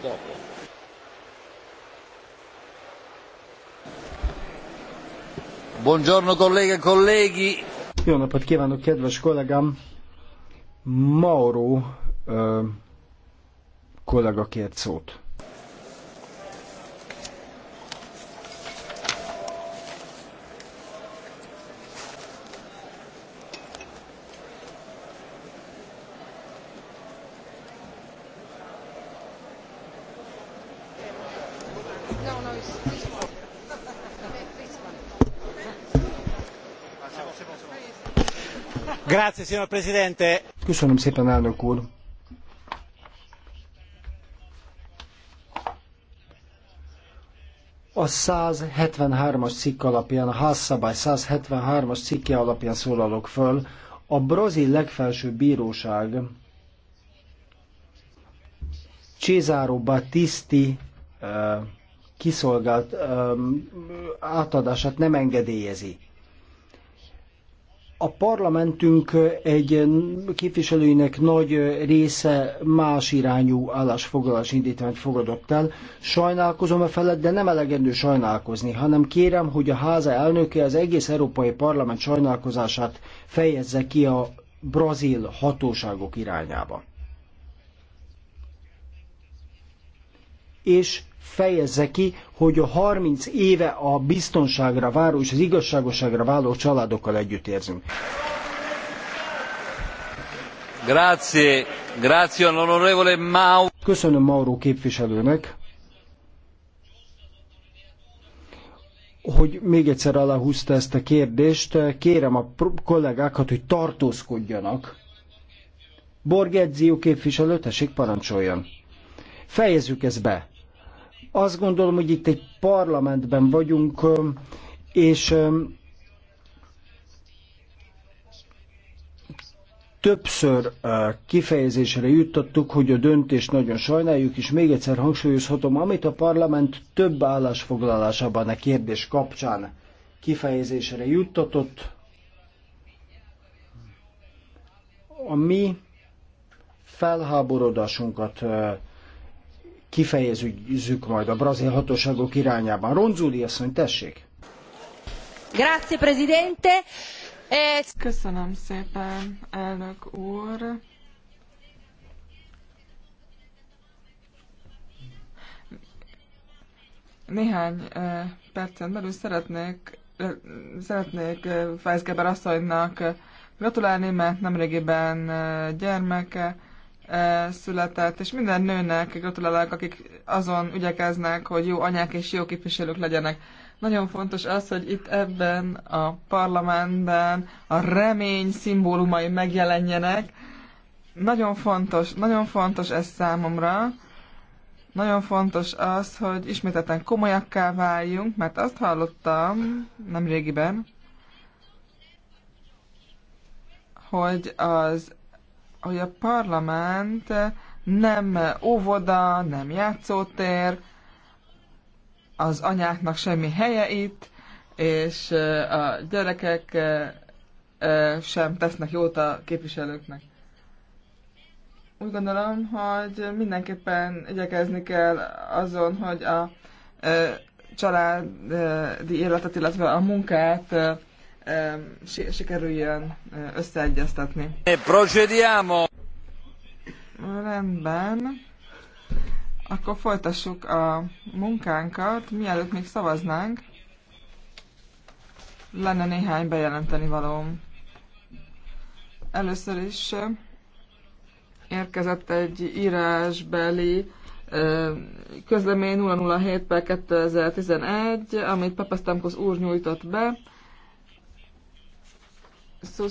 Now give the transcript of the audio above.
dopo. Buongiorno colleghe e colleghi. Jó napot kívánok, kedves kollégám! Mauro ö, kollega kért szót. No, one. Grazie, signor Presidente. Köszönöm szépen, elnök úr. A 173-as cikk alapján, a házszabály 173-as cikke alapján szólalok föl. A brazil legfelsőbb bíróság Cesaro Batisti eh, kiszolgált um, átadását nem engedélyezi. A parlamentünk egy képviselőinek nagy része más irányú állásfoglalás indítványt fogadott el. Sajnálkozom a felett, de nem elegendő sajnálkozni, hanem kérem, hogy a háza elnöke az egész Európai Parlament sajnálkozását fejezze ki a brazil hatóságok irányába. És fejezze ki, hogy a 30 éve a biztonságra váró és az igazságoságra váló családokkal együtt érzünk. Grazie, grazie onorevole Mau. Köszönöm Mauro képviselőnek, hogy még egyszer aláhúzta ezt a kérdést. Kérem a kollégákat, hogy tartózkodjanak. Borgedzio képviselő, tessék parancsoljon. Fejezzük ezt be. Azt gondolom, hogy itt egy parlamentben vagyunk, és többször kifejezésre juttattuk, hogy a döntést nagyon sajnáljuk, és még egyszer hangsúlyozhatom, amit a parlament több állásfoglalásában a kérdés kapcsán kifejezésre juttatott, a mi felháborodásunkat kifejezzük majd a brazil hatóságok irányában. Ronzuli asszony, tessék! Grazie, Presidente! Eh, Köszönöm szépen, elnök úr! Néhány eh, percen belül szeretnék, eh, szeretnék Geber asszonynak gratulálni, mert nemrégiben gyermeke született, és minden nőnek gratulálok, akik azon ügyekeznek, hogy jó anyák és jó képviselők legyenek. Nagyon fontos az, hogy itt ebben a parlamentben a remény szimbólumai megjelenjenek. Nagyon fontos, nagyon fontos ez számomra. Nagyon fontos az, hogy ismételten komolyakká váljunk, mert azt hallottam nem régiben, hogy az hogy a parlament nem óvoda, nem játszótér, az anyáknak semmi helye itt, és a gyerekek sem tesznek jót a képviselőknek. Úgy gondolom, hogy mindenképpen igyekezni kell azon, hogy a családi életet, illetve a munkát sikerüljön összeegyeztetni. Procediamo! Rendben. Akkor folytassuk a munkánkat, mielőtt még szavaznánk. Lenne néhány bejelenteni való. Először is érkezett egy írásbeli közlemény 007 2011, amit Stamkos úr nyújtott be sus